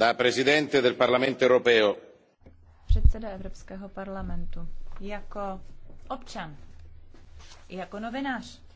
da Předseda Evropského parlamentu. Jako občan. Jako novinář